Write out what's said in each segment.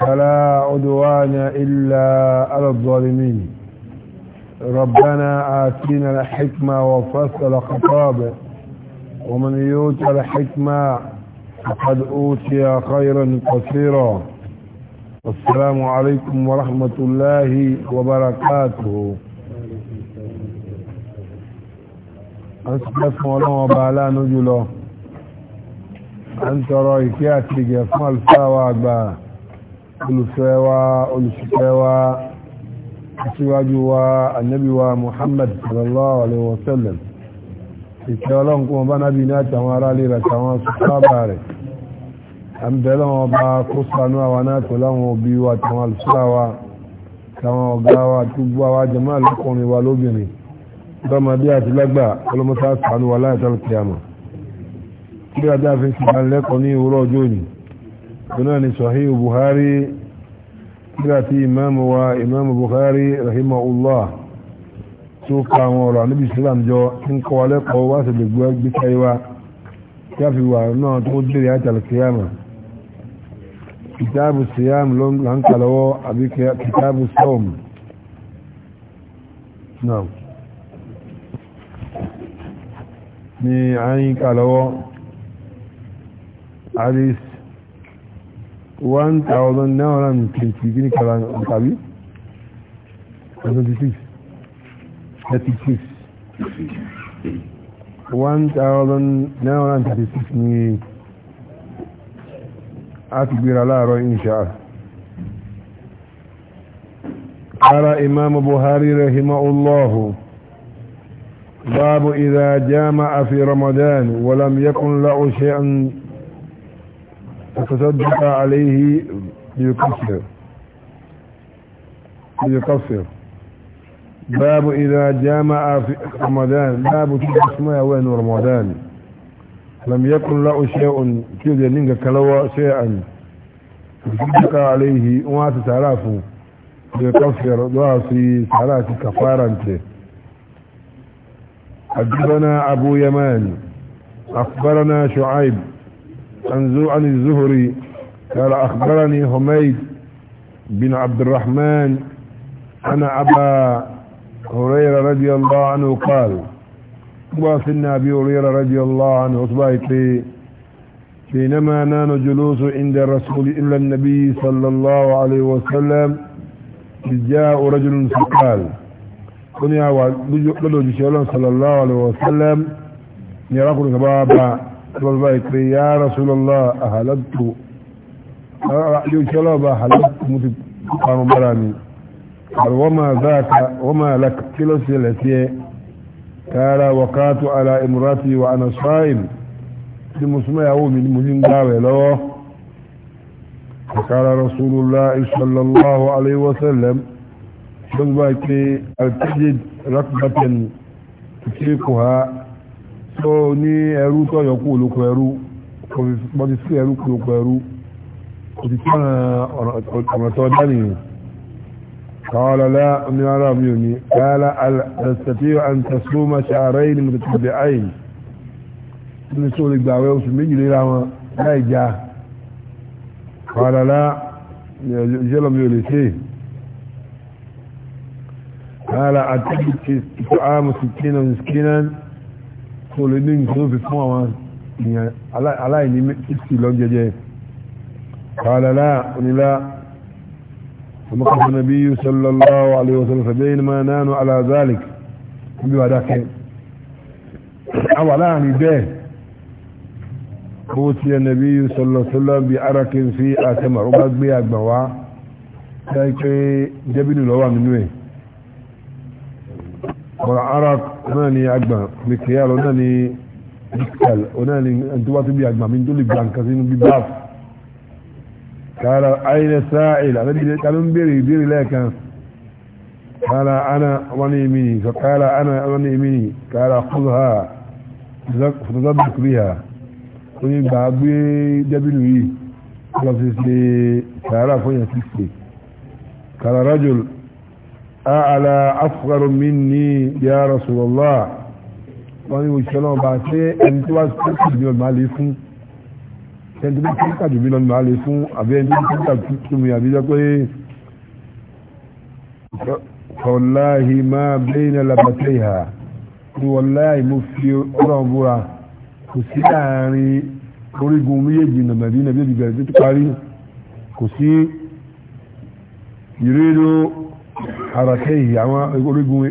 فلا عدوان إلا على الظالمين ربنا آتينا الحكمة وفصل خطابه ومن يوت الحكمة فقد أوتي خيرا كثيرا والسلام عليكم ورحمة الله وبركاته أسلف مولانا وبعلا نجله أنت رأيك يا تيجي أسمى الفاوة أكبر olùfẹ́ wa olùṣìfẹ́ wa aṣíwájú wa annabi wa muhammad sallallahu alaihi wasallam ìkẹ́ ọlọ́run kún ọba nábi ní àtàwọn ará lè rẹ̀ tàwọn sọ́bà rẹ̀ àmbẹ̀lẹ̀ wọn bá kó sanú àwọn náà pẹ̀lú àwọn òbí wa tàwọn alùsúra wa tàwọn ọ̀gá wa túbú wa jẹ́mọ́ àlọ́kùnrin wa lóbìnrin lọ́mọdé àti lágbà ọlọ́mọsá sanú wa láìsàlùkìyàmọ̀ kí wọ́n dáa fi ṣùgbọ́n lẹ́kọ̀ọ́ ní ìwúrọ̀ ọjọ́ òní بناني صحيح بخاري قرأتي إمام وإمام بخاري رحمه الله سوكا مورا نبي السلام جو إن قوالي قوات بقواك بكايوا كافي وعنوه تقدر حتى القيامة كتاب الصيام لون لانك لو أبي كتاب الصوم نعم ni ayin kalawo hadith one thousand nine hundred and twenty guinea kala nkabi seventy six thirty six one thousand nine hundred thirty six ni a ti gbéra láàárọ̀ insha ara imam buhari rahimahullahu باب إذا جامع في رمضان ولم يكن له شيئا فتصدق عليه ليكفر ليكفر باب إذا جامع في رمضان باب تسمى وين رمضان لم يكن له شيء كذا ينقى كلوى شيئا فتصدق عليه وما تتعرفه ليكفر ضعفي صلاة كفارة حدثنا أبو يمان أخبرنا شعيب عن الزهري قال أخبرني حميد بن عبد الرحمن أنا أبا هريرة رضي الله عنه قال وصلنا أبي هريرة رضي الله عنه أصبحت بينما نحن جلوس عند الرسول إلا النبي صلى الله عليه وسلم جاء رجل فقال كن يا ولد صلى الله عليه وسلم يراكم كبابا والبيت يا رسول الله أهلت أهلبت شلابا أهلت بأهلبت متقار براني قال وما ذاك وما لك كلا سلسية قال وقات على امراتي وأنا صائم في مسمى يوم مهم داوي له فقال رسول الله صلى الله عليه وسلم شبك أتجد رقبة تشيكها tó ní ẹrú tó kú olóko ẹrú mo ti sí ẹrú kú olóko ẹrú kò ti tí ọ̀nà tó dá nìyẹn قال لا من عرب يوني قال تستطيع أن تصوم شعرين متتبعين ní sóòlì gbà wẹ́ oṣù méjì léra wọn láì já kọ́lọ́lá ìṣẹ́lọ mi ò lè ṣe lára àtẹ́bí ti tó àmù sí kínà tó lè ní nǹkan tó fi fún àwọn èèyàn aláìní sixty lọ́jẹjẹ kàlàlá onílá ومقف النبي صلى الله عليه وسلم فبينما نحن على ذلك بوعدك أولا عن به أوتي النبي صلى الله عليه وسلم بعرق في آتمر وقد بيأك بوا ذلك جبن الهوى من وين ọ̀rọ̀ arak náà ni agbà ní kìíyàrá náà ni dikal náà ni ẹ̀ntọ́wá tó bí agbà mi tó lè gbà nǹkan sínú bí báf kára ayẹyẹ sáàìl àlẹ́bìnrin kanú ń béèrè ìbéèrè lẹ́ẹ̀kan kára ana wọn ni èmi ni kára ana wọn ni èmi ni kára kúlha fòtòtò bìkúrì ha oyin gbà gbé dẹ́bìnrin yìí lọ sí kára fún yẹn sí kára rájòlù أعلى أفقر مني يا رسول الله wọ́n ní òṣìṣẹ́ náà bá ṣe ẹni tí wá sí ìdí ọ̀nà máa lè fún ẹni tí wọ́n ti kà jù mí lọ́nà máa lè fún àbí ẹni tí wọ́n ti kà jù àbí jẹ́ pé wàláhì máa bẹ́ẹ̀ ní alábàtẹ́ ìhà ní wàláhì mo fi ọlọ́run búra kò sí láàrin orígun méjèèjì nàmàdí nàbí ìbẹ̀rẹ̀ tó parí kò sí ìrírí harakẹ́yì àwọn orígun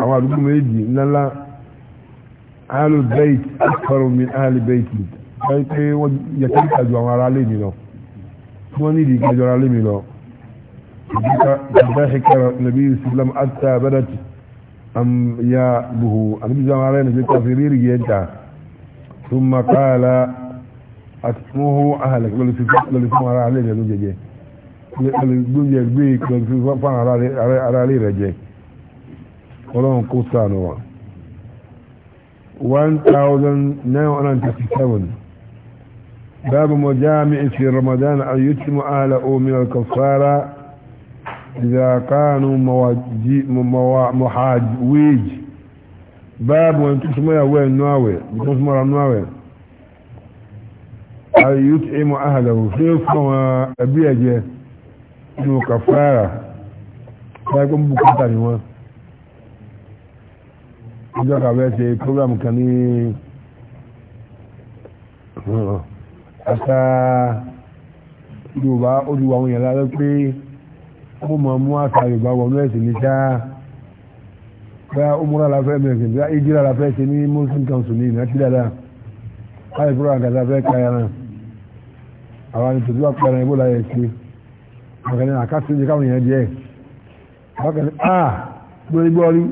àwọn àdúgbò méjì ńláńlá alubait akọrọmi alubait wọ́n pé wọ́n yẹtí ìtajú àwọn ará lè mi lọ tí wọ́n nídìí ìtajú ará lè mi lọ ìdáhìkẹ́ nàbí islam àti abẹ́dàtì ya buhu àdúgbò àwọn ará nàbí kọfí rírì yẹn ta ثم قال أتموه أهلك للي في مرة عليه للي جيه gbóyè gbé ìpínlẹ̀ fún ara rí rẹ̀ jẹ ọlọ́run kó sànù wa one thousand nine hundred and thirty seven باب مجامع في رمضان أن يتم أهله من الكفارة إذا كانوا محاجويج باب وان تسمى وين ناوي تسمى ناوي أن يتعم أهله في فما أبيجه inú kàfàrà báyìí kún bukata ni wọ́n ọjọ́ kàfẹ́ ṣe program kan ní àṣà yorùbá olùwà àwọn èèyàn lára pé ó mọ̀ mú àṣà yorùbá wọnú ẹ̀sìn ní sáà bá umura la fẹ́ mẹ́rin bá ijira la fẹ́ ṣe ní muslim council ní ìnáti dáadáa láì fúra àgàtà fẹ́ káyà náà àwọn ìtòjú àpẹẹrẹ ibò láyé ṣe àgbẹ̀ni àkásí ìjẹ́ káwọn èèyàn díẹ̀ ọkẹ̀ni ah lórí gbọ́rí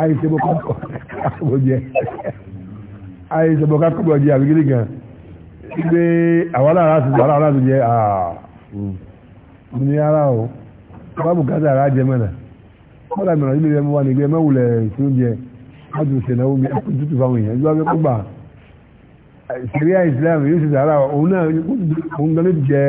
àìsèbò kọ́kọ́ jẹ́ àìsèbò kọ́kọ́ jẹ́ àbíkírí gan gbé àwọn aláàrá ti àwọn aláàrá ti jẹ́ ààrùn ní ara o bá bùkátà ara jẹ mẹ́nà kọ́dà mẹ́nà nílé ẹmọ wa ní gbé mẹ́wùlẹ̀ tí ó jẹ láti ṣe náà omi ẹkùn tútù fáwọn èèyàn ju abẹ́kọ́ gbà ṣẹ̀ríà ìsìlámù yóò ṣe sàárà òun náà òun gan ló jẹ́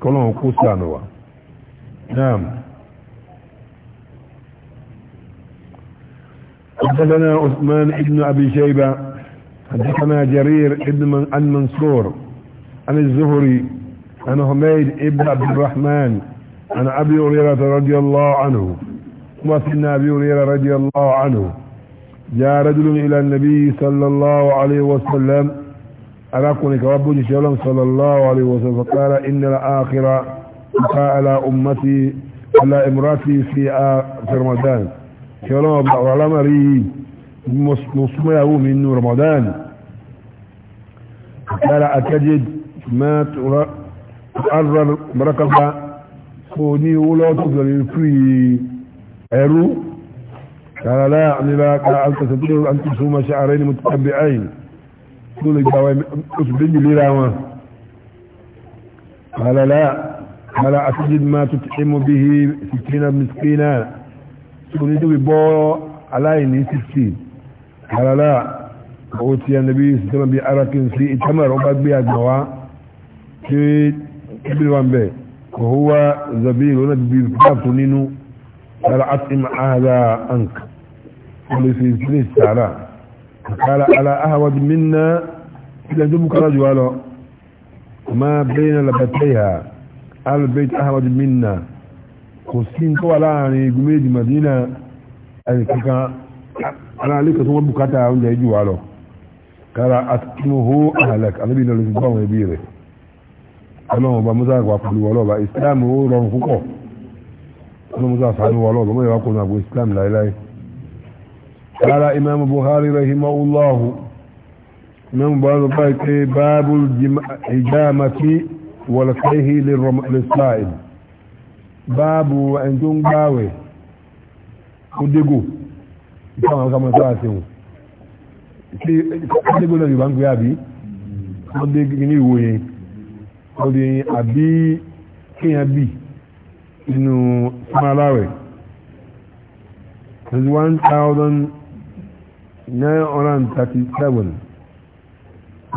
kọ́lọ́hún kó sànù wa naam حدثنا عثمان بن ابي شيبه حدثنا جرير بن عن منصور عن الزهري عن حميد بن عبد الرحمن عن ابي هريره رضي الله عنه وسيدنا ابي هريره رضي الله عنه جاء رجل الى النبي صلى الله عليه وسلم أراكنك ربك شلم صلى الله عليه وسلم فقال إن الآخرة على أمتي على إمراتي في رمضان شلم وعلى ري مصمعه من رمضان فقال أتجد ما تقرر بركبة فوني ولا تقرر في عرو قال لا أني لا قال تستطيع أن تسوم شعرين متتبعين tó lè gbà oṣù méjì léra wọn alala ala asijid ma tó ti ẹmọ bí i sikina miskina tó ní tó fi bọ́ aláìní 60 alala ó ti yà nàbí sísẹ́mà bí arakin sí ìtàmàrà ó bá gbé àgbàwá tí ìbílẹ̀ wọn bẹ̀ kòhúwá zabi lónà bíbí pàtó nínú ala asim ahada ank ó lè fi sílẹ̀ sára قال على أهود منا إذا دمك رجل ما بين لبتيها البيت أهود منا kòsín tó wà láàrin igun méjì Madina ẹnìkankan aláàlẹ́kọ̀ tó wọ́n bùkátà oúnjẹ jù wá lọ kára àtúnhó àhàlẹ́k alẹ́bí lọ lóṣù báwọn ẹbí rẹ̀ ọlọ́run ọba musa àgbà pẹ̀lú ọlọ́ba Islam ó rọrùn púpọ̀ ọlọ́run musa sàánú ọlọ́ba mọ́ ìwà kò náà bó Islam láéláé قال إمام بخاري رحمه الله إمام بخاري باب الحجامة والكيه للصائم باب وأنتم باوي kúdégò ìtàwọn ọ̀sánmọ̀ tó àti wọn tí kúdégò náà yóò bá ń pè àbí wọ́n dé ní ìwò yẹn wọ́n dé àbí kéèyàn bì nínú sọ́mọ́ aláwẹ̀ 1,000 937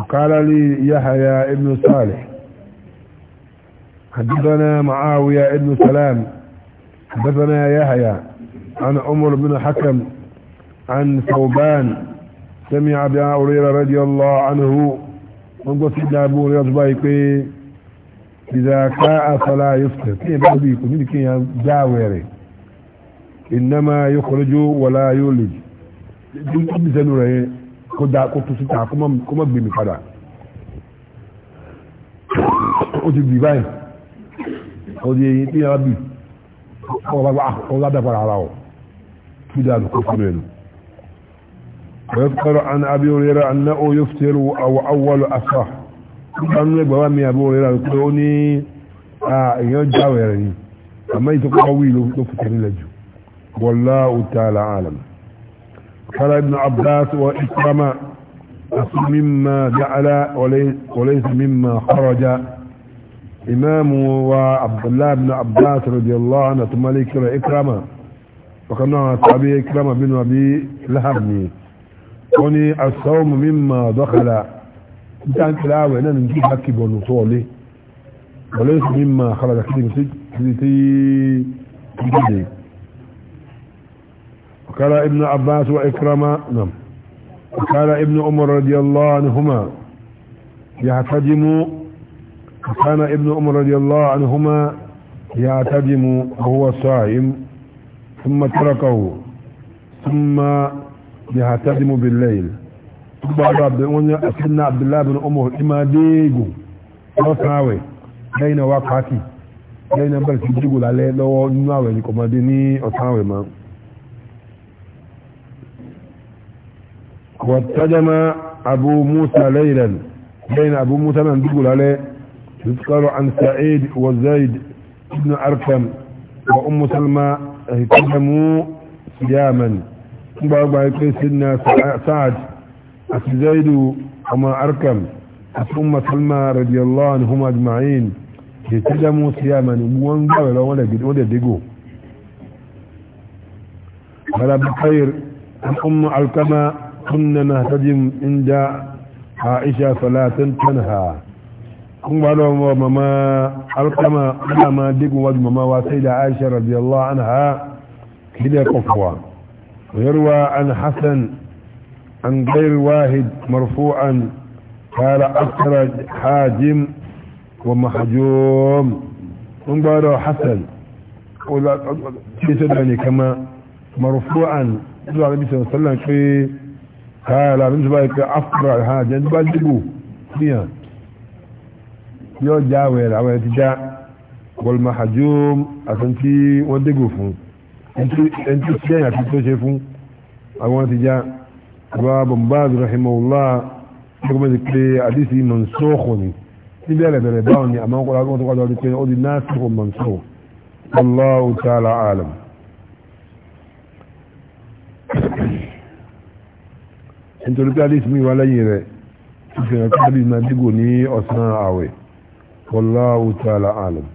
قال لي يحيى ابن صالح حدثنا معاوية ابن سلام حدثنا يحيى عن عمر بن حكم عن ثوبان سمع ابي هريره رضي الله عنه من قصد ابو هريره بايكي اذا كاء فلا يفطر كي بابي كمين كي جاوري انما يخرج ولا يولد tó bí sẹ́nu rẹ̀ yẹn kó da kó tó síta kó má gbé mi padà ó ti bì báyìí ó di eyín tí yàrá bì ó ládà padà ara ọ̀ tó dáa ló kó fún ẹ̀ lò. ويذكر عن أبي هريرة أنه يفطر أو أول أصح kanu ẹgbẹ́ wa mi àbúrò rẹ̀ pé ó ní èèyàn jáwèé rẹ̀ ni àmọ́ ìtọ́kọ́ wí ló fi tẹ̀lé jù wallahu ta'ala alam قال ابن عباس وإكرم مما جعل وليس مما خرج إمام وعبد الله بن عباس رضي الله عنه ثم ذكر إكرم وكان صحابي إكرم بن أبي لهب وني الصوم مما دخل كان تلاوي وين نجيب هكي بنصولي وليس مما خرج كده كده كده وقال ابن عباس وإكرمة نعم وقال ابن عمر رضي الله عنهما يعتدم وكان ابن عمر رضي الله عنهما يعتدم وهو صائم ثم تركه ثم يعتدم بالليل سيدنا عبد الله بن عمر إما ديجو lọ́sàáwẹ̀ بين wákàtí بين بل sí jígò لو lọ́wọ́ nínú àwẹ̀ ní kọmọdé واتجم أبو موسى ليلا بين أبو موسى من بيقول عليه يذكر عن سعيد وزيد بن أركم وأم سلمى اهتجموا صياما بابا يقول سيدنا سعد زيد وما أركم أم سلمى رضي الله عنهم أجمعين اهتجموا صياما وانقوا لو ولا دقوا ولا بخير أم الكما كنا نهتدي عند عائشة فلا تنتنها كن بالو ماما القما ما ديك واد ماما وسيدة عائشة رضي الله عنها كده قفوا ويروى عن حسن عن غير واحد مرفوعا قال أكثر حاجم ومحجوم كن بالو حسن ولا كما مرفوعا صلى الله عليه وسلم في káàlà ní ṣùgbọ́n ìkẹ́ afra ha jẹ́ nígbà dìbò fihàn yóò já àwẹ̀ rẹ̀ àwẹ̀ ti já bọ́lùmọ̀ hajjum àtàn tí wọ́n dégò fún ẹni tí sẹ́yìn àti tó ṣe fún àwọn ti já àbá bombaz rahimahullah ẹgbẹ́ ti pé àdísì mọ̀nsóòkò ni ní bẹ̀rẹ̀ bẹ̀rẹ̀ báwọn ni àmọ́ kọ́lá tó kọ́lá tó kọ́lá tó kọ́lá tó kọ́lá tó kọ́lá tó kọ́lá nítorí pé adé ìsinmi wà lẹ́yìn rẹ̀ tó fi hàn pé àbí máa dígò ní ọ̀sán àwẹ̀ wallahu ta'ala alam.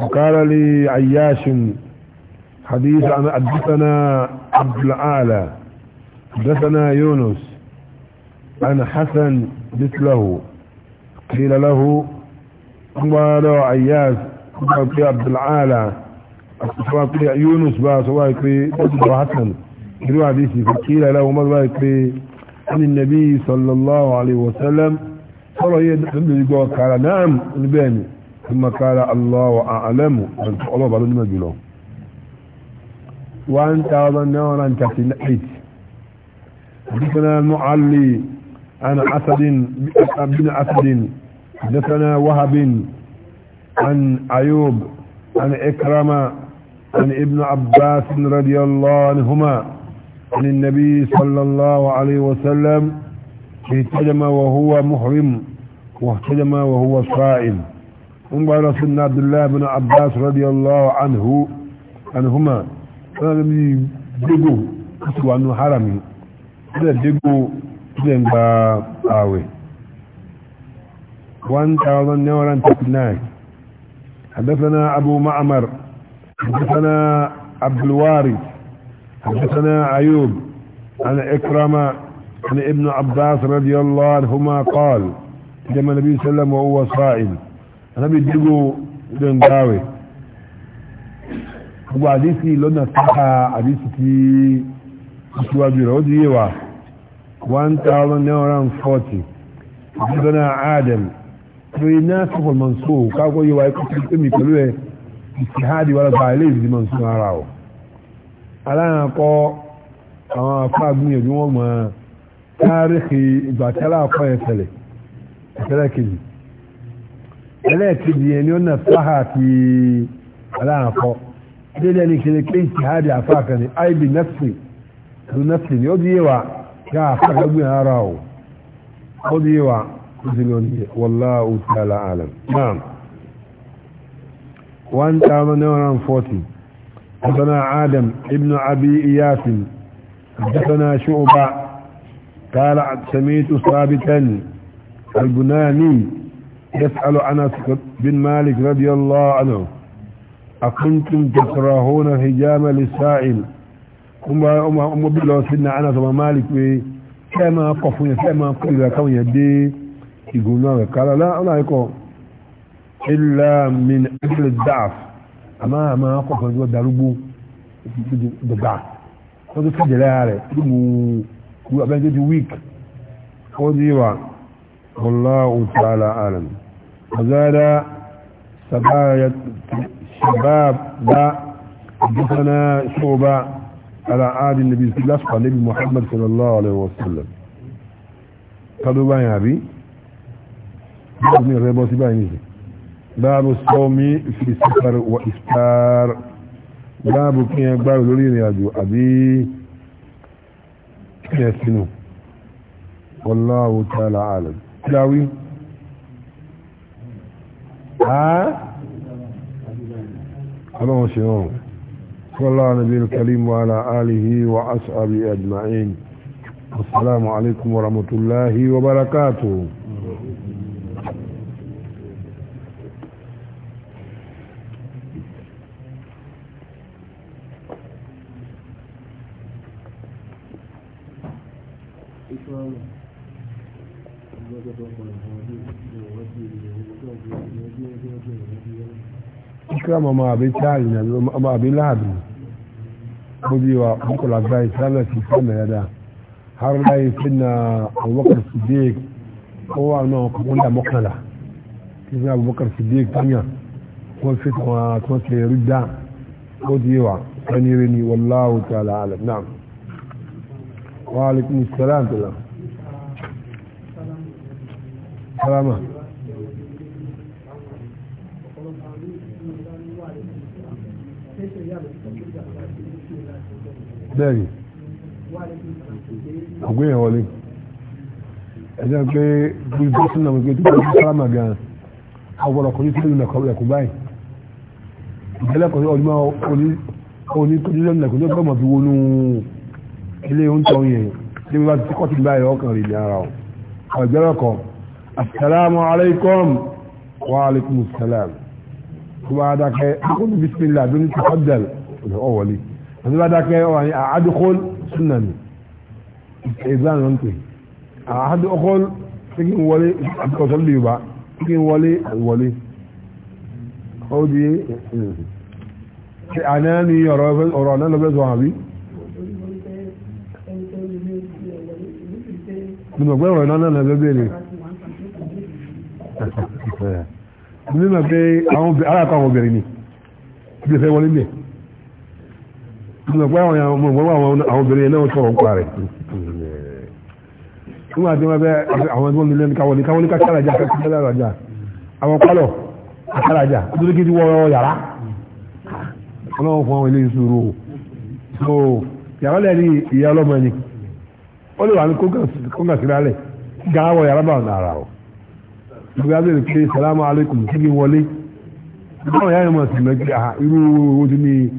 وقال لي عياش حديث عن حدثنا عبد الأعلى حدثنا يونس عن حسن مثله قيل له قال عياس قال عبد العالى يونس باس وقال حسن irú àdísì fi kíra láwọn mọ́lá pé ní nàbí sallallahu alaihi wasallam sọ́rọ̀ yẹ dẹ̀dẹ̀gbọ́ kàrà náà níbẹ̀ ni kuma kàrà Allahu a'lamu àti ọlọ́ba ló nímọ̀ jùlọ 1938 حدثنا المعلي عن اسد بن اسد حدثنا وهب عن ايوب عن اكرمه عن ابن عباس رضي الله عنهما عن النبي صلى الله عليه وسلم اهتدم وهو محرم واهتدم وهو صائم انظر سيدنا عبد الله بن عباس رضي الله عنه عنهما قال لم يدقوا قصوا عنه حرمي إذا دقوا إذن باوي وانت أظن نورا تقناك حدثنا أبو معمر حدثنا عبد الوارث حدثنا ايوب عن اكرمه عن ابن عباس رضي الله عنهما قال كما النبي صلى الله عليه وسلم وهو صائم النبي ديغو دنگاوي gbogbo àdísì lọ́nà tàà àdísì tí ìṣíwájú rẹ̀ ó di yíwa 1940 ìjọdọ́nà adam lórí náà sọ́fọ̀ mọ̀sọ́ káàkó yíwa ikú tí ó mi pẹ̀lú ẹ̀ ìsìhádìí wà lọ́gbà ilé ìdí mọ̀sọ́ ara ọ̀ aláàkọ́ àwọn afáàgbìyànjú wọn mọ̀ táàríkì ìgbà tí yẹn tẹ̀lẹ̀ ìtẹ́lẹ̀ kejì ẹlẹ́ẹ̀kejì yẹn ni ó nà sáhà ti aláàkọ́ dédé ní kele pé ìtìhádì afáàkà ni ib nafsi lu nafsi ni ó di yé wa yá afáàkà gbìyànjú ara o ó di yé wa ó di lónìí wallahu ta'ala alam naam one thousand nine hundred and forty. حدثنا عادم ابن أبي إياس حدثنا شعبة قال سميت ثابتا البناني يسأل أنس بن مالك رضي الله عنه أكنتم تكرهون الحجام للسائل أما أما أما بالله سيدنا أنس ومالك كما قفوا كما قلوا كون يدي يقولون قال لا لا يقول إلا من أجل الضعف àmọ́ àmọ́ akọ̀kan tó darúgbó dọ̀gbà wọ́n tó fìdí lára rẹ̀ tó mú wú abẹ́ni tó ti wíìk ó di wa wallahu ta'ala alam azada shabab ba حدثنا شعبة على عاد النبي صلى الله عليه وسلم محمد صلى الله عليه وسلم قالوا بقى يا أبي بقى من الرباط بقى ينزل باب الصوم في السفر وإفطار باب كي يقبل دولين يا جو أبي يسنو والله تعالى عالم تلاوي ها اللهم شنو صلى الله على الكريم وعلى آله وأصحابه أجمعين السلام عليكم ورحمة الله وبركاته islam ọmọ àbí táàlì nàbí ọmọ àbí láàbì ó bí wa ọkọlá gba islam ẹ̀sìn islam ẹ̀yẹ́dá har láyé sínú abubakar siddiq ó wà náà kọ́kúnlá mọ́kànlá kí sínú abubakar siddiq tanya wọ́n fi tàn án tó ṣe rí dá ó di wa ẹni rí ni wallahu ta'ala alam naam wa alaikum salaam salaam. bẹ́ẹ̀ni ọgbẹ́ yẹn wọlé ẹjọ́ pé gbogbo sínú àwọn ìgbé tó bá ti sálámà gan ọgbọ́dọ̀ kọjú sílẹ̀ nínú ẹ̀kọ́ báyìí ìgbẹ́lẹ̀ kọjú ọdún oní kọjú lẹ́nu ẹ̀kọ́ tó bá mọ̀ fi wọnú ilé oúnjẹ yẹn tí wọ́n bá ti kọ́ ti báyìí ọkàn rìn ní ara ọ̀ ìgbẹ́lẹ̀ kọ assalamu alaikum wa alaikum salam tó bá dákẹ́ akọ́ni bismillah tó ní ti fọ́dẹ̀l ọ̀wọ́lé àti bá dákẹ́ wà ní àádókòl súnà ni ìgbà náà ń pè àádókòl tí kí n wọlé àtúkọ̀sọ́ lè wá tí kí n wọlé àwọlé ó di ṣe àná ni ọ̀rọ̀ náà lọ́fẹ́ sọ àbí nígbàgbé ọ̀rọ̀ náà náà lọ́fẹ́ bèèrè nígbàgbé àwọn arákọ̀ àwọn obìnrin ni bí ó fẹ́ wọlé gbogbo àwọn ọmọ ìwọ́wọ́ àwọn obìnrin náà sọ̀rọ̀ ń pa rẹ̀ nígbà tí wọ́n bẹ́ àwọn ẹgbẹ́ onílé ní káwọlé káwọlé kákàràjà kákàràjà àwọn pálọ̀ àkàràjà nítorí kí ti wọ yàrá ọlọ́run fún àwọn ilé ìṣòro so yàrá lẹ̀ ní ìyá ọlọ́mọ ẹni ó lè wà ní kóńgà sí lálẹ̀ gàá wọ yàrá bá wọn nàrà o ìgbà bẹ́ẹ̀ ni pé salamu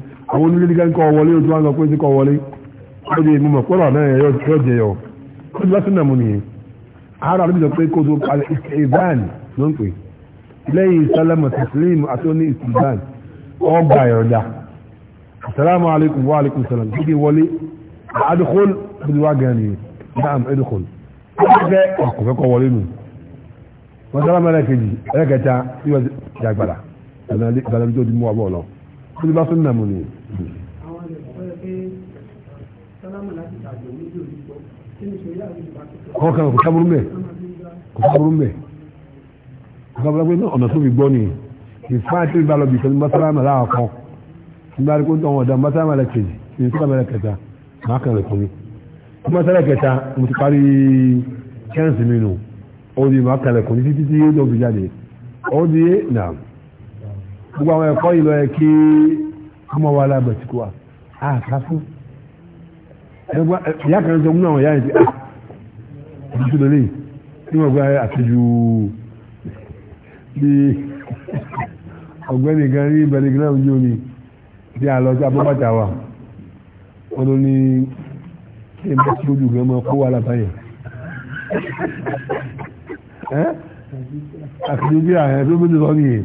ah, àwọn onílé ní kọ́ wọlé ojú wọn lọ pé ní kọ́ wọlé ó di èmi mọ̀ pọ́nrọ̀ náà yọ jẹ yọ ó ti lọ́sùn náà mú nìyẹn ara rẹ̀ bí sọ pé kó tó kalẹ̀ ìsìlẹ̀bán ló ń pè lẹ́yìn sálámù tẹ̀sílẹ̀mù àti ó ní ìsìlẹ̀bán ọgbà ìrọ̀dà asalaamu alaykum wa alaykum salaam kíkì wọlé adukul bí wàá gan ni naam adukul ọkọ̀fẹ́ ọkọ̀fẹ́ kọ wọlé nù wọ́n sálámù ẹlẹ́kẹ̀jì ẹlẹ́kẹ̀ta bí wọ́n ti ti mú wa bọ̀ lọ ó ti lọ́sùn náà mú nìyẹn àwọn ilẹ̀ kọ́ yẹ pé sálámù láti tàjọ méjì òní gbọ́ kí ni ìṣòro ìlànà ìgbà tó. ọkàn kò sábúrú mẹ kò sábúrú mẹ kò sábúrú mẹ ọ̀nà tó fi gbọ́ ni ìfáàtì bá lọ bìtẹ́ mọ́sálámù aláwọ̀ kan nígbà tó ń ọ̀dà mọ́sálámù alákejì ní sábà alákẹta máa kàn lẹ́kọ̀ọ́ mi mọ́sálámù alákẹta mo ti parí kẹ́ǹsì mi nù ó di máa kàn lẹ́kọ̀ọ́ ní títí tí yóò dọ̀ fi jáde ó di náà gbogbo àwọn ẹ̀kọ́ yìí lọ yẹ kí ọmọ wa lábẹ̀ tí kò wá àká fún ìyá kan sọ fún àwọn ìyá yẹn ti à ọdún tó lélẹ̀ tí wọ́n gba àtijọ́ bí ọ̀gbẹ́ni kan rí bẹ̀rẹ̀gìláwù yóò ní bí a lọ sí abọ́bàtà wa wọ́n ló ní kí n bá tí lójú gan mọ́ kó wà lábáyẹ̀ àtijọ́ bí àyẹ̀ tó bó ti sọ nìyẹn.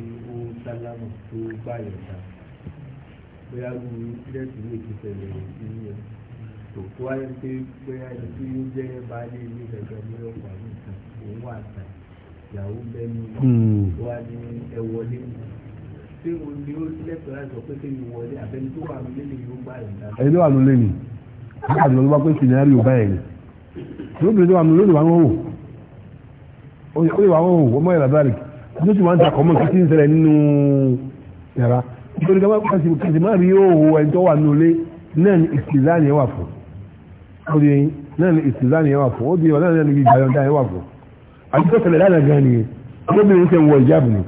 sálámù tó gbà yẹn bóyá lu ìdẹ́sì lè ti tẹ̀lé ìlú yẹn tó tó wáyé pé bóyá ẹni tó yóò jẹ́ baálé ilé gẹ́gẹ́ ní ọ̀pá mi kan òun wà tà ìyàwó bẹ́ẹ̀ni hmm. wà ní ẹ ṣé o ní ó lẹ́tọ̀ọ́ láti sọ pé kí ni wọlé àbẹ́ni tó wà lólé ni yóò gbà yẹn ta. ẹni wà lólé ni káàdì lọ́dún bá pé sinari ò báyẹn ni lóbìnrin wà lólé ni wà ń wò ó yẹ wà ń wò ó mọ tó ti wá ń ta kọ́mọ́ kí tí ń ṣẹlẹ̀ nínú yàrá nítorí ká kàṣì má rí òwò ẹni tó wà nílé náà ni ìsìláàni ẹ wà fún ó di ẹyin náà ni ìsìláàni ẹ wà fún ó di ẹyin náà ni ìjàyọ̀dá ẹ wà fún àti tó ṣẹlẹ̀ lánàá gan ni gómìnà ń wọ ìjáàbù ni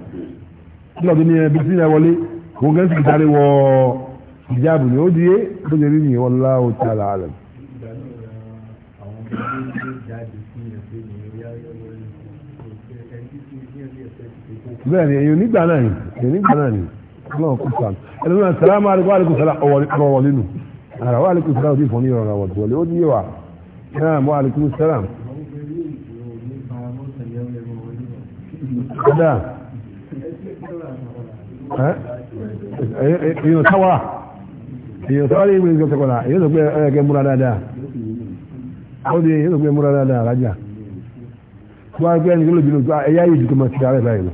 nígbà tó ní ẹbí sí náà wọlé kò gán sì sáré wọ ìjáàbù ni ó di ẹ bó ṣe rí nìyẹn wallahu ta'ala alam. àwọn ọmọdé bẹ́ẹ̀ ni èyàn nígbà náà ni èyàn nígbà náà ni ọlọ́run kò sàn ẹni náà sàlámù alikọ́ alikọ́ sàlá ọwọ́ nínú ara wa alikọ́ sàlá òdì ìfọ̀nì ìrọ̀rùn àwọn ìwọlé ó níyẹwà náà mọ́ alikọ́ sàlá. kódà èyàn sáwà èyàn sáwà lè gbé sọkọlá èyàn sọ pé ẹ̀ẹ́dẹ́gbẹ́ múra dáadáa ó di èyàn sọ pé múra dáadáa rájà wọ́n á gbé ẹni tó lè bínú ẹ̀yà yìí ju tó ti ara ẹ̀ lọ.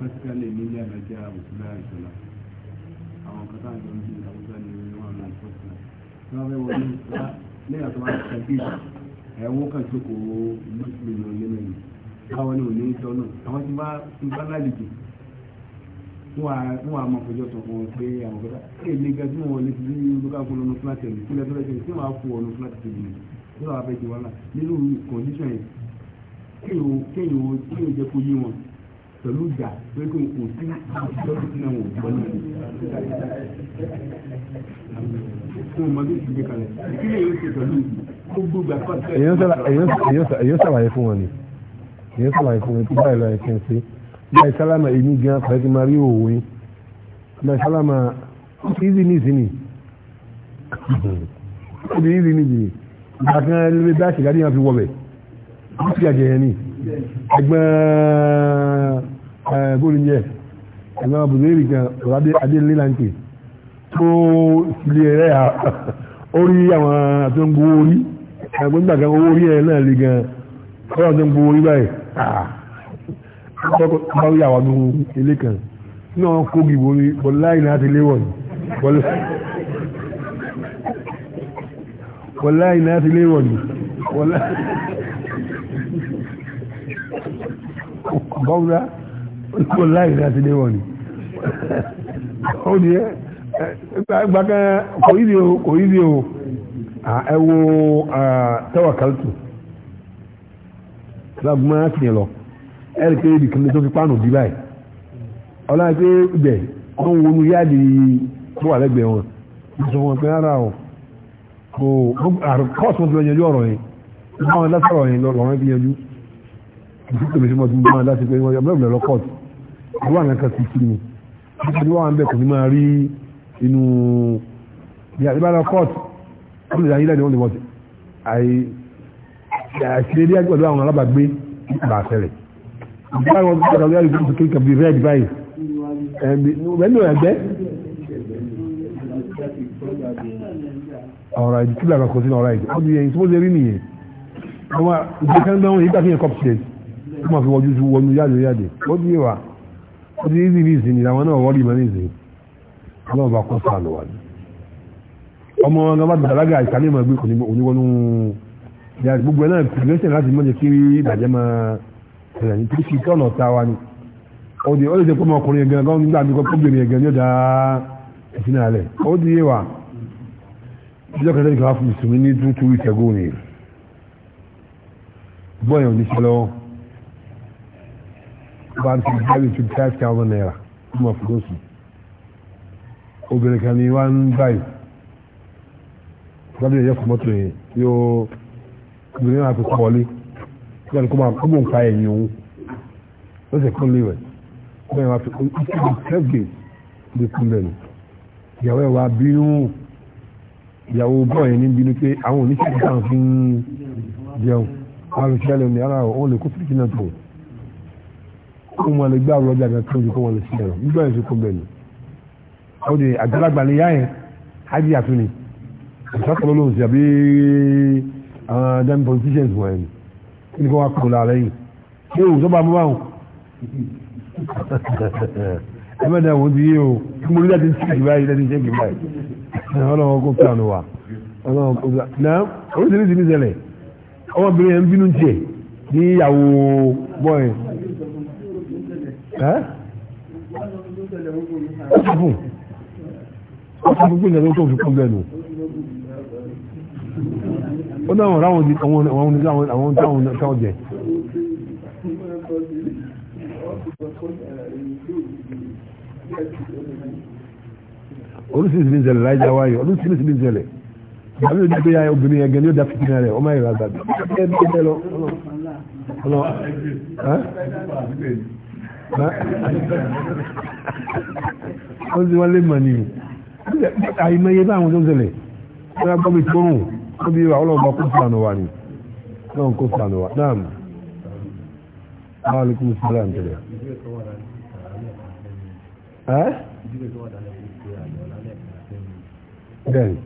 pẹ́síkálẹ̀ nílé àdájá òṣìlá ìṣọ̀lá àwọn kàtà àjọ ní ìlú àwùjọ ní wọn náà fọ́sílá tí wọ́n fẹ́ wọlé ìṣọ̀lá lẹ́yìn àtọ́wá ìṣàgbé ẹ̀wọ́n kan jókòó mọ́sílẹ̀ lọ lẹ́mẹ̀ yìí káwọn ní òní ìtọ́ náà àwọn tí wọ́n ti bá lálejò wọ́n á máa fọjọ́ tọ̀ fún wọn pé àwọn kọ́tà ẹ̀ lè ga tí wọ́n lè fi bí olùkọ́ àkọlù ọ̀nà fúláàtì ẹ̀ nílẹ̀ tó lẹ́sẹ̀ tí wọ́n á kó ọ̀nà fúláàtì tẹ̀lé ní lọ́wọ́ abẹ́jẹ́ wọn náà nínú kọ̀ǹdíṣàn yẹn kéèyàn ó pẹ̀lú ìjà pé kò kò sí lọ́dún tí náà wò gbọ́ náà ni. fún ọmọdé ti gbé kalẹ̀ ìkílẹ̀ yóò ṣe pẹ̀lú gbogbo ìgbà pàṣẹ. èyàn ṣàlàyé fún wọn ni èyàn ṣàlàyé fún wọn tí báyìí lọ́yẹ̀ kí n ṣe báyìí sálámà èmi gan pẹ̀lú kí n máa rí òwò yín báyìí sálámà ìzì ní ìsìn ni ìdí ìzì ní ìjìnì àkàn ẹlẹ́gbẹ́ bá ṣèkádìyàn fi wọ̀ bẹ̀ ó ti àjẹyẹ ni ẹgbẹ́ bóòlù eh, yẹ ẹ̀gbọ́n bùzẹ́rì kan ọ̀rọ̀ adélélànkè tó ilé e rẹ̀ orí àwọn àti ń gbowó orí ẹ̀gbọ́n nígbà kan owó orí ẹ̀ náà lè gan ọ̀rọ̀ àti ń gbowó orí báyìí àtọ́kọ̀ ah. bá rí àwọn ọdún ilé kan náà kógi borí bọ̀láì náà ti léwọ̀ ni wọláì náà ti léwọ̀ ni wọláì kó láì ní àti léwọ̀ ni ó ní gbàgbàkan kò yí di o kò yí di o ẹ wo tẹ́wà kálítù lágbọ́n á kìí lọ ẹ rí pé ibì kan tó fi pánù bí báyìí ọlọ́run pé ibẹ̀ wọ́n ń wọnú yáàdì tó wà lẹ́gbẹ̀ẹ́ wọn ìṣòwò wọn pé rárá o kò kọ́ọ̀tù wọn ti lọ yanjú ọ̀rọ̀ yẹn báwọn lásọ̀rọ̀ yẹn lọ́rọ̀ yẹn fi yanjú ìfúkẹ́ mi sí mọ́ tí mo pé wọ́n yọ àwọn àna kan tuntun ni nípa tí wọ́n wà ń bẹ̀ kò ní máa rí inú ìbára kóòtù wọ́n lè ayílẹ̀ ni wọ́n lè wọ́n ti àìṣe ilé ẹgbẹ́ pẹ̀lú àwọn alábàgbé nípa àfẹ́rẹ̀ ìgbà wọn gbọ́dọ̀ lórí àyùkú tó kéka bíi red báyìí ẹ̀ẹ́dì ẹgbẹ́ ọ̀rọ̀ ìdí kílà kan kò sí ọ̀rọ̀ ìdí ọdún yẹn tó lè rí nìyẹn àwọn ìgbésẹ̀ ń bẹ́ wọn yìí gbà fi yẹn kọ́pù ṣe kó máa fi wọjú wọnú yáde yáde ó dí ìwà ó ti ní ní ìsìn ìlànà náà wọ́n rí mọ́ ní ìsìn ọlọ́run bá kọ́ sàánù wà ní ọmọ ọmọ bá dàlágà ìsàlẹ̀ ìmọ̀ ẹgbẹ́ kò ní oníwọ́nú yàrá gbogbo ẹ̀ náà láti mọ́jẹ kí ìbàjẹ́ máa ní píríkì tọ́nà ọ̀tá wa ni ó di ó lè jẹ́ pé ọmọkùnrin ẹ̀gẹ́ gan nígbà mi kọ́ pọ́bìnrin ẹ̀gẹ́ ní ọ̀dà ìsinmi alẹ̀ ó di yé wa ìjọ kẹta ni bọ́ọ̀yàn ò ní bá ń tẹ̀lé jáde twenty five thousand naira fún ma fún oṣù obìnrin kan ní wọ́n ń báyìí gbọ́dọ̀ yẹ fún mọ́tò yẹn yóò obìnrin náà fi kọ́ wọlé yóò ní kó máa kó mọ̀ nǹkan ẹ̀yìn òun ló sì kún léwẹ̀ kó yẹn wá fi ìṣèlú twelve days ló kún lẹ́nu ìyàwó ẹ̀ wá bínú ìyàwó bọ́ọ̀ yẹn ní bínú pé àwọn oníṣègùn kan fi jẹun wọn á fi ní ara wọn lè kó fìdí náà tó kó wọn lè gbá ọlọ́jà náà tó ju kó wọn lè sílẹ̀ lọ nígbà yẹn tó kó bẹ́ẹ̀ ni ó di àgbàlagbà ni yá yẹn hajj àtúni ìsọ́kọ̀ọ́ ló ń sè àbí àwọn dem politicians wọ̀nyẹn ni kí ni kó wá kó la lẹ́yìn ṣé òun tó bá mú báwọn ẹ mẹ́ta wọ́n ti yé o kí mo ní láti ṣe kì báyìí láti ṣe kì báyìí ọlọ́wọ́ kó pẹ́ẹ́nù wa ọlọ́wọ́ kó pẹ́ẹ́nù náà oríṣiríṣi ní ṣẹlẹ̀ ọmọbìnrin yẹn ń bínú tiẹ̀ ní ìyàwó bọ́ọ̀ ọ̀sán gbogbo ìyàwó tó fi kọ́ lẹ́nu ó dáwọn ráwọn di àwọn àwọn àwọn táwọn táwọn jẹ. olùsílẹ̀ sílẹ̀ ìṣẹ̀lẹ̀ láìjà wáyé pé ya obìnrin ẹgẹ ni ó da fìtínà rẹ ọmọ ìlà àgbàdo ẹ bí ẹ bẹ lọ ó sì wọ́n lè mọ̀ ní àìmọye bá àwọn tó ń ṣẹlẹ̀ wọ́n á gbọ́ mi tó rùn ó bí ọlọ́ọ̀bá kó fìlànà wà ní náà kó fìlànà wà náà mọ̀ àwọn alaikum salam tẹ̀lé. bẹ́ẹ̀ni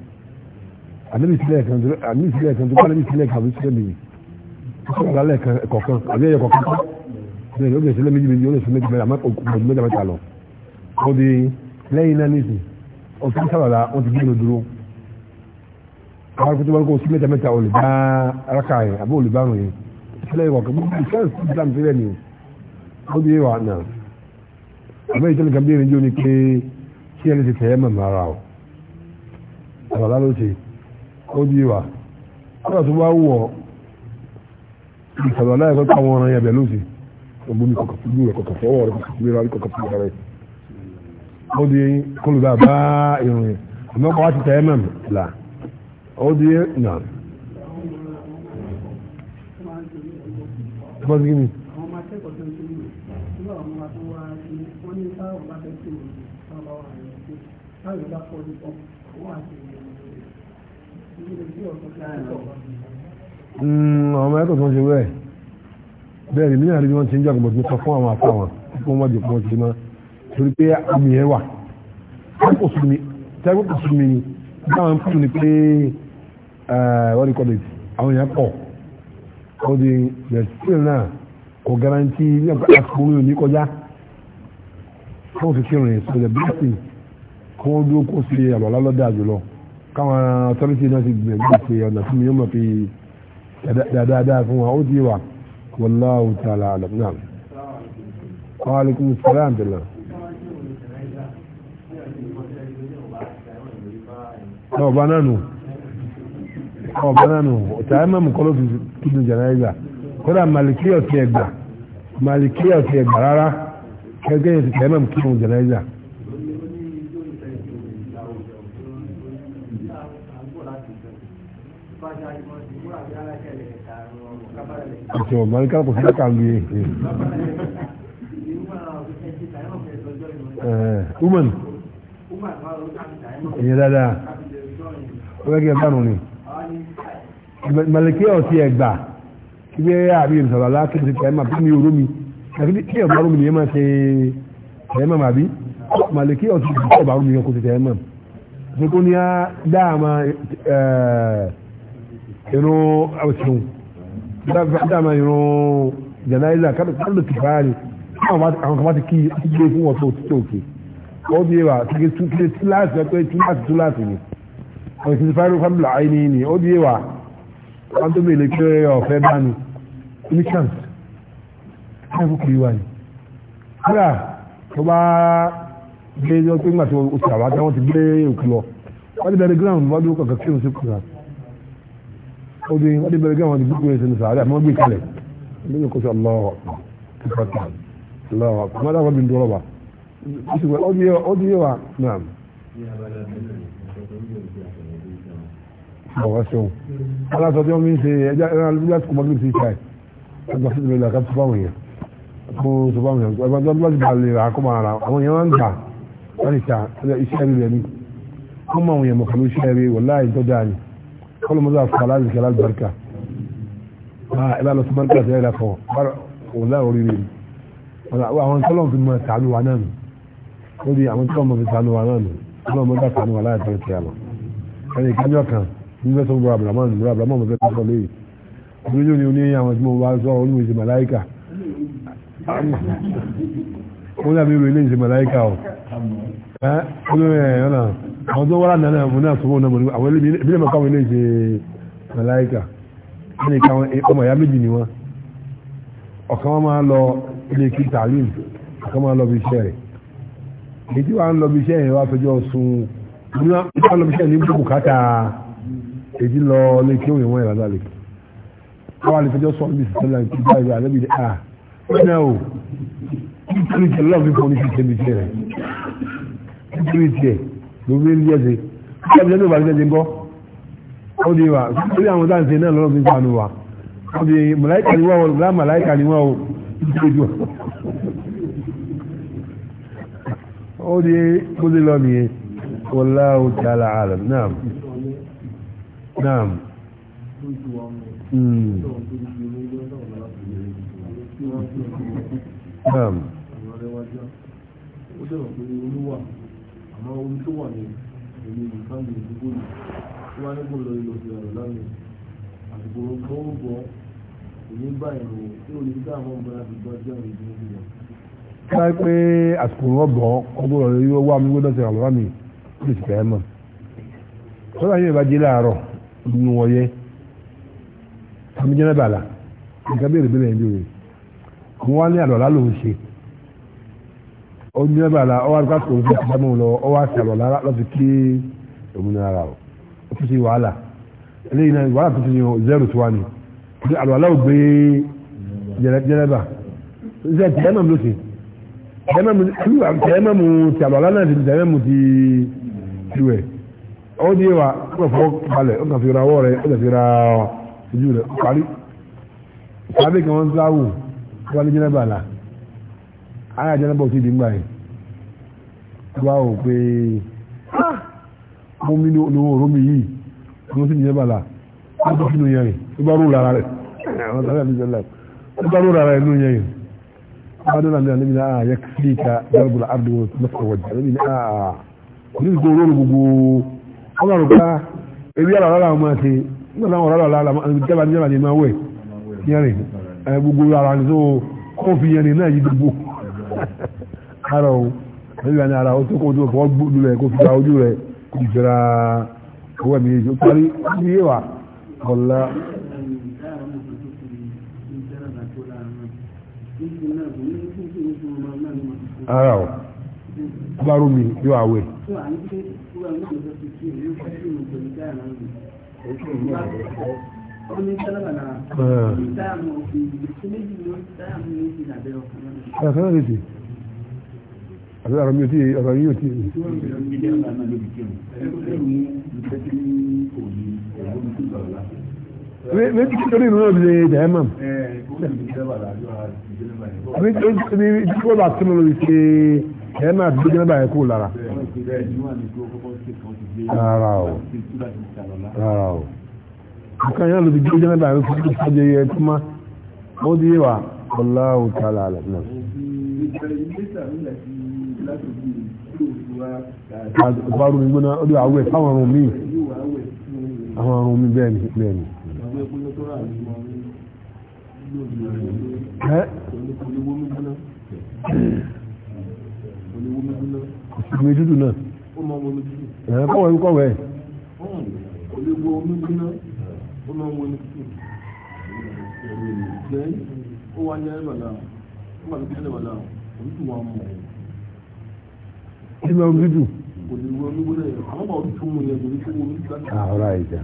àmì ìsìlẹ̀ kan tó kọ́ àmì ìsìlẹ̀ kan tó kọ́ àmì ìsìlẹ̀ kan tó kọ́ àmì ìsìlẹ̀ kan kọ̀ọ̀kan àmì ẹ̀yẹ kọ̀ọ̀kan bẹ́ẹ̀ ló lè sílẹ̀ méjì méjì ó lè sílẹ̀ méjì mẹ́ta mẹ́ta òkú mẹ́ta mẹ́ta lọ. ó di lẹ́yìn náà nìsín ọ̀sán sábàlá wọ́n ti gbé lọ dúró. àwọn akótó wọn kò sí mẹ́ta mẹ́ta olùbá araka yẹn àbí olùbá rùn yẹn sílẹ̀ ìwà kan gbogbo ìfẹ́ sí islam sílẹ̀ ni ó di ìwà náà. àbẹ́ ìtọ́ni kan bí ìrìnjó ni pé kí ẹni ti tẹ̀yẹ́ mọ̀mọ́ ara o. àbàlá ló ṣe ó di ìwà kọ́lá tó bá wù ọ́ ìsàlọ́lá ẹ̀kọ́ ogun kọkọ fún ìlú rẹ kọkọ fún ọwọ́ rẹ kọkọ fún ìlú rẹ kọkọ fún ìlú rẹ ó di kólúbà bá irun yẹn àmọ́ kọ́ wá ti tẹ́ mẹ́m là ó di nà. bọ́sí kí ni. Hmm, ọmọ ẹ̀kọ́ tó ń ṣe wẹ́ẹ̀ bẹ́ẹ̀ ni mílíọ̀nù ni wọ́n ti ń jọ́ àgbọ̀dọ̀ sọ fún àwọn àfa wọn kí wọ́n wájú fún ọtí náà torí pé àmì ẹ̀ wà tẹ́kù sùnmi tẹ́kù sùnmi ni báwọn kùtù ni pé wọ́n di kọ́lẹ̀jì àwọn èèyàn pọ̀ ó di bẹ̀sìtìl náà kò garanti ní ọ̀pọ̀ àsìkò mi ò ní kọjá fún òfin kírun yẹn sọ the blessing kí wọ́n dúró kó sí àlọ́ lọ́dà jùlọ káwọn authority náà ti gbìyànjú ìpè ọ̀nà fún mi yóò mọ̀ pé dáadáa fún wa ó di wà. والله تعالى أعلم نعم وعليكم السلام بالله ọ bananu ọ bananu ọ̀tá ẹ̀ma mu kọ́lọ́ fi kíni jẹ̀náyìíza kódà màlìkí ọ̀tí ẹ̀gbà màlìkí ọ̀tí ẹ̀gbà rárá kẹ́gẹ́ yẹn ti tẹ̀ ẹ̀ma mu kíni jẹ̀náyìíza. tí ọ̀gbọ́n ní káàpọ̀ sí káàkà lu yẹ. woman ìyẹn dáadáa ó yẹ kí ẹ bánu ni malikiya ọtí ẹ gbà kí bí ẹ àbí ìrìnsọ̀rọ̀ aláàkíyèsí kẹ́ ẹ máa bí mi òró mi àbí kí ẹ bá rómi ni ẹ máa ṣe ẹ máa máa bí malikiya ọtí ẹ bá rómi ni ẹ kò ti tẹ ẹ máa nítorí dáa máa ẹ̀rọ àwòsàn dáàmà irun jẹnáìlà kálù ti báyìí àwọn kan bá ti kí gbé fún wọn tó títí òkè ó di ẹwà kíkẹ́ túkẹ́ túláàsì ẹgbẹ́ túláàsì túláàsì ni àwọn ìsinmi fáwọn fámìlì àìní ni ó di ẹwà wọn tó bèèrè pé ọ̀fẹ́ dánù ní chance káàkiri kiri wà ní. kódà tó bá gbé ẹjọ́ pé ńgbà tó oṣù àwọn àtàwọn ti gbé òkú lọ wọ́n ti bẹ̀rẹ̀ ground wọ́n dúró kọ̀ọ̀kan kí wọ́n sì kúrò àti odi wọ́n ti bẹ̀rẹ̀ gẹ́gẹ́ wọn ti gbígbé ẹsẹ̀ nìsàárè àmọ́ gbé kalẹ̀ lóye kó sọ lọ́wọ́ kíkọ́tà lọ́wọ́ kọ́mọ́dà wọn bí n dọ́rọ̀ wa ó ti yé wa náà. ọ̀rọ̀ ṣeun aláṣọ tí wọ́n fi ń ṣe ẹja ẹran alúgbà tó kọ́mọ́dé ti ṣe àgbà sí ìbẹ̀rẹ̀ àká tó fáwọn èèyàn kó tó fáwọn èèyàn ẹgbẹ́ tó bá ti bá lè rà kó máa ra kọlu mọ́tò àfàlà àti kẹlẹ́ àlùbáríkà máa ẹ bá lọ sí mọ́tò àti ẹ̀rẹ́ fọ wọ́n láwọn oríire àwọn tọ́lọ̀ fi mọ̀ sàánú wa náà nù lórí àwọn tọ́lọ̀ mọ̀ fi sàánú wa náà nù tọ́lọ̀ mọ́tò àsàánú wa láyé tọ́lọ̀ kí a lọ. ẹnì ìkájọ́ kan nígbà tó ń bọ abdulhamman bọ abdulhamman mọ̀ fẹ́ tó sọ lóye olóyún ni oníyẹn mo bá sọ olùwèsè màláyíkà wọ́n dàbí ìrò ilé ìṣe màláíkà ọ̀ àwọn tó wọ́n náà mú náà sọ́wọ́ náà mọ̀ àwọn ilé mọ̀ká wọn ilé ìṣe màláíkà wọ́n ká wọn ọmọ ìyá méjì ni wọ́n ọ̀kan wọn máa lọ ilé kí tàlín ọ̀kan máa lọ bí iṣẹ́ rẹ̀ èyí tí lọ bí iṣẹ́ yẹn wá fẹjọ́ sun wọ́n lọ bí iṣẹ́ ní gbogbo kátà èyí lọ lé kí òun ìwọ̀n ìlànà lè wọ́n sọ nítorí tiẹ̀ lọ́wọ́ fífọ́ ní kíkẹ́ ní tiẹ̀ rẹ̀ nítorí tiẹ̀ lórí ẹni yẹ́ ṣe kíkẹ́ ní ọ̀bàdàn ṣe ń bọ́ ó di wa nítorí àwọn tá à ń ṣe náà lọ́wọ́ fi sànù wa ó di màláìkà ni wọ́n wọ́n lá màláìkà ni wọ́n o nítorí wa ó di bó ti lọ nìyẹn wallahu ta'ala alam naam naam. Mm. Naam. Ó dẹ̀rọ̀ pé olúwà, àmọ́ orí tó wà ní èyí ìfáàmì ìdúgbò yìí, tó wá nígbò lọ ilọ̀ sí ọ̀rọ̀ lánàá. Àdìgbò kan ó bọ̀ èyí bá ìrò tí ó lè dá àwọn ọmọ àdìgbò jẹ́ àwọn ìdúgbò yìí. Ká pé àsìkò wọn bọ̀ ọgbọ́n rẹ̀ yóò wá mi gbọ́dọ̀ sí àlọ́ mi, ó lè sì fẹ́ mọ̀. Sọ́dọ̀ yóò bá dé láàárọ̀ nínú wọ̀nyẹ́. Àmì jẹ́ náà bàlá, nǹkan bẹ́ẹ̀ òun wá ní àlọ́lá lòún ṣe ó ní ẹ̀bà la ọwọ́ àdúgbò àti òun fi àbámu lọ ọwọ́ àti àlọ́lá lọ́fi kí òmìnira ara o ó tún ṣe wàhálà eléyìí náà wàhálà tuntun yìí zero tó wà ní àlọ́lá ò gbé jẹrẹba ṣe tẹ̀yẹ́mọ̀ ló ṣe tẹ̀yẹ́mọ̀ mu ti àlọ́lá náà ti tẹ̀yẹ́mọ̀ mu ti tiwẹ̀ ó di wa ó fọ́ balẹ̀ ó kàn fi ra ọwọ́ rẹ̀ ó kàn fi ra ojú rẹ̀ ó parí ìpàdé kan wọ́n ń sáwù wọ́n lé jẹ́nẹ́bà là ara jẹ́nẹ́bà ò ti di ń gbà yìí wọ́n bá wò pé mo mi ní òórùn mi yìí mo sì ní jẹ́nẹ́bà là wọ́n tó kínú yẹn ló bá rú lára rẹ̀ wọ́n sáré àti jẹ́nẹ́bà ló bá rú lára rẹ̀ nínú yẹn wọ́n dọ́nà mi àlebi náà yẹ kí ká dárúgbòlá abdul mọ́sán wọ̀jà àlebi náà kò ní ìgbó ẹ gbogbo ara ní tó kófì yẹn ní náà yí gbogbo ara o níbi àná ara o tó kó tó fọ́ gbódú rẹ̀ kó fi ra ojú rẹ̀ kó fi owó ẹ̀mí yìí parí ní yé wa ọ̀la. ara o bá rú mi yóò àwẹ̀ Thank ẹ̀sán lè ti àti àrùn mi ò tí ì ọ̀rọ̀ yìí ò tí ì. Méjì kí lórí ìrúnà ìbílẹ̀ ìdá ẹ̀mọ̀. Méjì kí wọ́n bá tí mo lórí ṣe ẹ̀mọ̀ àti gbẹ́jẹ́ báyìí kú lára. Rárá o. Rárá o nǹkan yẹn lóbi gbé jẹ́nẹ́bà rẹ̀ fún ìpàdé yẹ tó má ó di wà ọláwù tààlà àlẹ́ náà. Ìparu mi gbóná ó di àwẹ̀ fáwọn ọ̀run mi. Àwọn ọ̀run mi bẹ́ẹ̀ ni bẹ́ẹ̀ ni. Ìgbè dúdú náà ó máa ń wọ ní kíkì lẹ́yìn ó wá ní ẹ̀rọ̀lá ó wà ní kíkì ẹ̀rọ̀lá òun tún wà mọ̀ kí ló ń dúdú. kò ní wọ ní wọlé àwọn bá tún mú yẹn kò ní tún wọ ní kíkì. àrà ìjà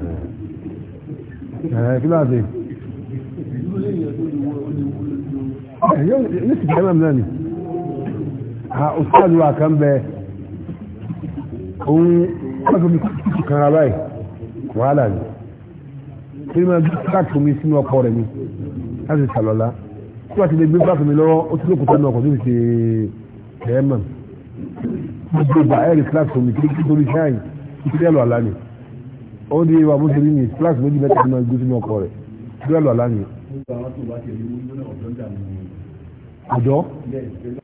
ẹ̀ kí ló dé. ìlú lẹ́yìn ẹ̀ tó lè wọ ọ́ lè wọ ẹ̀ yóò ní sì kẹ́ mẹ́mìlá ni ọ̀sáàdù ah, àkànbẹ òun kọ́kọ́ mi kàrà báyìí wàhálà ni kí ni máa gbé fúláàtì omi sínú ọkọ rẹ̀ ni láti sàlọ́lá tí wàá ti lè gbé fúláàtì omi lọ́wọ́ ó ti lókun sánú ọkọ̀ tó fi ṣe ẹ̀ mọ̀ gbogbo ìgbà ẹ̀rì fúláàtì omi kí ní torí ṣáì ìpínlẹ̀ lọ àlá ni ó di ìwà bóṣe rí ni fúláàtì méjì mẹ́ta ni máa gbé sínú ọkọ rẹ̀ ìpínlẹ̀ lọ àlá ni. ọjọ́